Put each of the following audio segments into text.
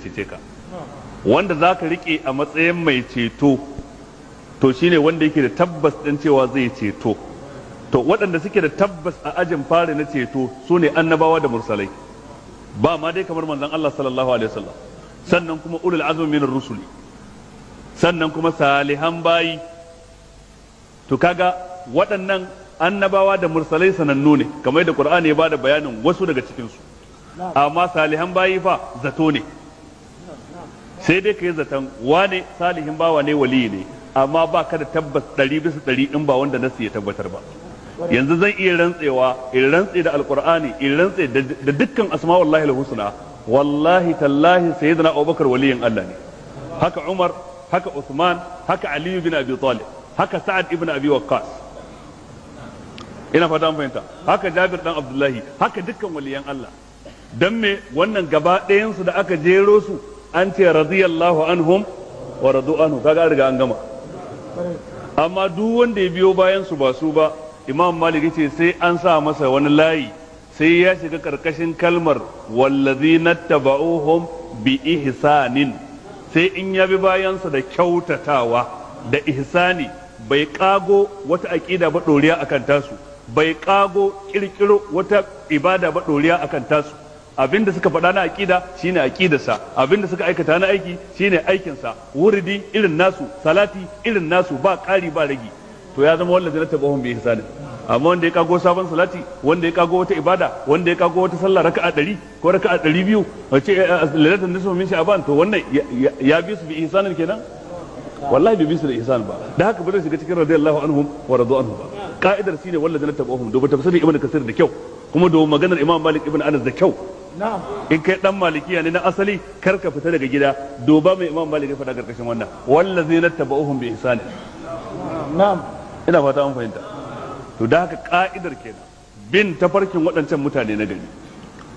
cece ka wanda za ka riƙe a matsayin mai ceto to shine wanda yake da tabbas ɗin cewa zai ceto to waɗanda suke da tabbas a ajin fari na ceto su ne annabawa da mursalai ba ma dai kamar manzon Allah sallallahu alaihi wasallam sannan kuma ulul azmi rusuli sannan kuma salihan bayi to kaga waɗannan annabawa da mursalai sanannu ne kamar da Qur'ani ya bada bayanin wasu daga cikin su amma salihan bayi fa zato ne sai dai ka yi zaton wane salihin bawa ne wali ne amma ba ka da tabbas ɗari bisa ɗari in ba wanda nasu ya tabbatar ba yanzu zan iya rantsewa in rantse da alkur'ani in rantse da dukkan Asma al-husna wallahi tallahi zana abubakar waliyin Allah ne haka umar haka usman haka ali bin abi talib haka sa'ad ibn abi waqqas ina fata an fahimta haka jabir dan abdullahi haka dukkan waliyan Allah dan me wannan gaba ɗayan su da aka jero su an ce radiyallahu anhum wa radu anhu kaga riga an gama amma duk wanda ya biyo bayan su ba su ba imam malik ce sai an sa masa wani layi sai ya shiga karkashin kalmar wallazi tabauhum bi ihsanin sai in ya bi bayansa da kyautatawa da ihsani bai kago wata aƙida ba doriya akan tasu bai kago ƙirƙiro wata ibada ba doriya akan tasu abinda suka faɗa na aqida shine aqidarsa abinda suka aikata na aiki shine aikinsa wuridi irin nasu salati irin nasu ba ƙari ba ragi to ya zama wallazi na tabahum hisa ihsanin amma wanda ya kago sabon salati wanda ya kago wata ibada wanda ya kago wata sallah raka'a ɗari ko raka'a ɗari biyu wace eh, eh, lalatan nisfu min ban to wannan ya bi su bi ihsanin kenan wallahi bai bi su da ihsan ba da haka ba zai shiga cikin radiyallahu anhum wa radu anhum ba ka'idar shine wallazi na tabahum dubu tafsirin ibnu kasir da kyau kuma da maganar imam malik ibn anas da kyau in kai dan malikiya ne na asali kar ka fita daga gida doba mai imam malik ya faɗa karkashin wannan wallazina tabauhum bi ihsani na'am ina fata an fahimta to da haka ka'idar kenan bin ta farkin waɗancan mutane na gari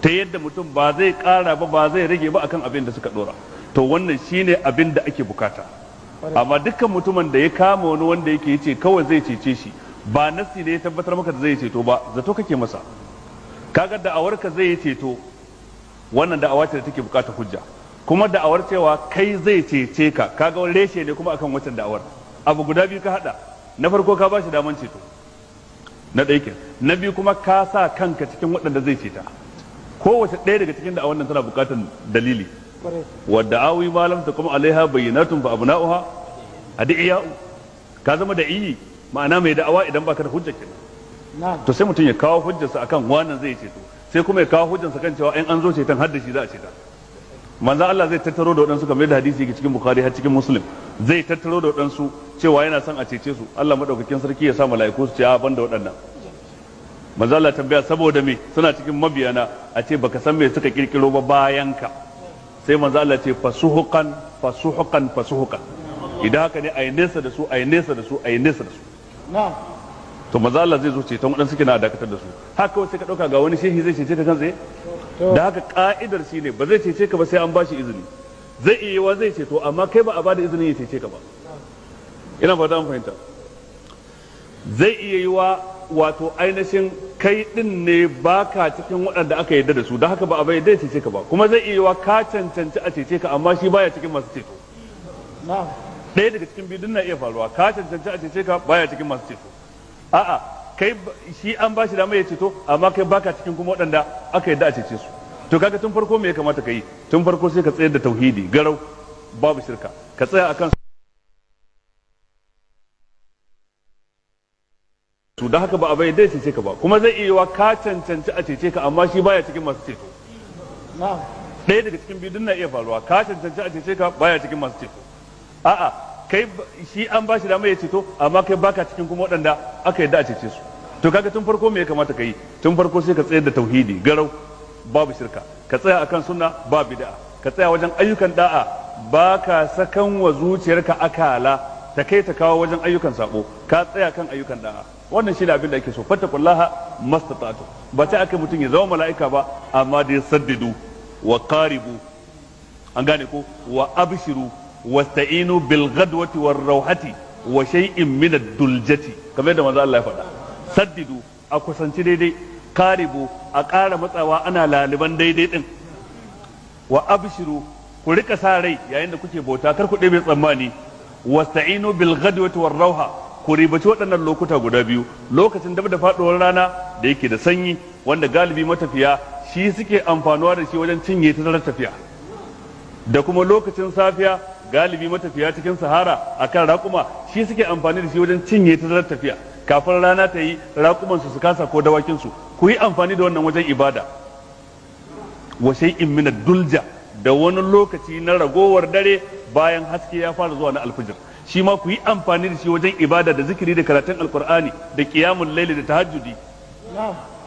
ta yadda mutum ba zai ƙara ba ba zai rage ba akan abin da suka ɗora to wannan shine abin da ake bukata amma dukkan mutumin da ya kama wani wanda yake ce kawai zai cece shi ba nasi ne ya tabbatar maka da zai ceto ba zato kake masa kaga da awarka zai yi ceto wannan da'awa ce da take bukata hujja kuma da'awar cewa kai zai cece ka kaga wani reshe ne kuma akan wancan da'awar abu guda biyu ka hada na farko ka bashi daman ceto na ɗaya na biyu kuma ka sa kanka cikin waɗanda zai ceta kowace ɗaya daga cikin da'awar nan tana bukatar dalili wadda awi malam ta kuma alaiha bayyinatun fa abna'uha adiya ka zama da iyi ma'ana mai da'awa idan baka da hujja kenan to sai mutum ya kawo hujjarsa akan wannan zai ceto sai kuma ya kawo hujjansa kan cewa in an zo ceton har da shi za a ceta manzo Allah zai tattaro da waɗansu kamar da hadisi yake cikin Bukhari har cikin Muslim zai tattaro da wadansu cewa yana son a cece su Allah madaukakin sarki ya sa mala'iku su ce a banda waɗannan manzo Allah tambaya saboda me suna cikin mabiyana a ce baka san me suka kirkiro ba bayan ka sai manzo Allah ce fasuhuqan fasuhuqan fasuhuqan idan haka ne ai nesa da su ai nesa da su ai nesa da su na'am to maza Allah zai zo ceton waɗansu suke na dakatar da su haka kawai sai ka ɗauka ga wani shehi zai cece ka kan da haka ka'idar shi ne ba zai cece ka ba sai an ba shi izini zai iya wa zai ceto amma kai ba a bada izinin ya cece ka ba ina fata an fahimta zai iya yi wa wato ainihin kai din ne baka cikin waɗanda aka yarda da su da haka ba a bayyade dai cece ka ba kuma zai iya yi wa ka cancanci a cece ka amma shi baya cikin masu ceto ɗaya daga cikin biyu na iya faruwa ka cancanci a cece ka baya cikin masu ceto a'a kai shi an ba shi dama ya ceto amma kai baka cikin kuma waɗanda aka yadda a cece su to kaga tun farko me ya kamata ka yi tun farko sai ka tsayar da tauhidi garau babu shirka ka tsaya akan su da haka ba a bai cece ka ba kuma zai iya wa ka cancanci a cece ka amma shi baya cikin masu ceto ɗaya daga cikin biyu na iya faruwa ka cancanci a cece ka baya cikin masu ceto a'a kai shi an bashi dama ya ceto amma kai baka cikin kuma waɗanda aka yadda a cece su to kaga tun farko me ya kamata ka yi tun farko sai ka tsayar da tauhidi garau babu shirka ka tsaya akan sunna ba bid'a ka tsaya wajen ayyukan da'a baka ka sakan wa zuciyarka akala ta kai ta kawo wajen ayyukan sako ka tsaya kan ayyukan da'a wannan shi da abin da ake so fattakullaha mastata'tu ba ta aka mutum ya zama mala'ika ba amma dai saddidu wa qaribu an gane ko wa abshiru wasta'inu bil ghadwati war rawhati wa shay'in min ad-duljati kamar da manzo Allah ya faɗa saddidu a kusanci daidai karibu a ƙara matsawa ana laliban daidai din wa abshiru ku rika sa rai yayin da kuke bauta kar ku dabe tsammani wasta'inu bil ghadwati war rawha ku ribaci waɗannan lokuta guda biyu lokacin dab da faɗuwar rana da yake da sanyi wanda galibi matafiya shi suke amfanuwa da shi wajen cinye ta tafiya da kuma lokacin safiya galibi matafiya cikin sahara akan raƙuma shi suke amfani da shi wajen cinye tazarar tafiya kafin rana ta yi raƙumansu su su kasa ko dawakinsu ku yi amfani da wannan wajen ibada wa in mina dulja da wani lokaci na ragowar dare bayan haske ya fara zuwa na alfijir shi ma ku yi amfani da shi wajen ibada da zikiri da karatun alkur'ani da kiyamun laili da tahajjudi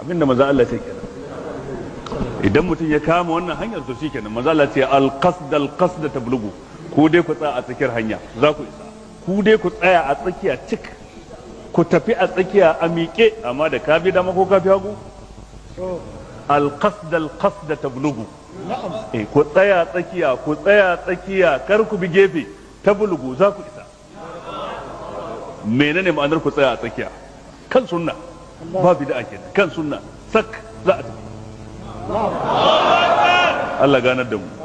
abinda maza Allah sai kenan idan mutum ya kama wannan hanyar to shikenan maza Allah ce al-qasd al-qasd tablughu ku dai ku tsaya a tsakiyar hanya za ku isa ku dai ku tsaya a tsakiya cik ku tafi a tsakiya a miƙe amma da ka bi dama ko ka fi hagu alƙasda alƙasda tablugu bulugu eh, ku tsaya tsakiya ku tsaya tsakiya kar ku bi gefe tablugu za ku isa menene ma'anar ku tsaya a tsakiya kan sunna ba da'a kenan kan sunna sak za a tafi Allah ganar da mu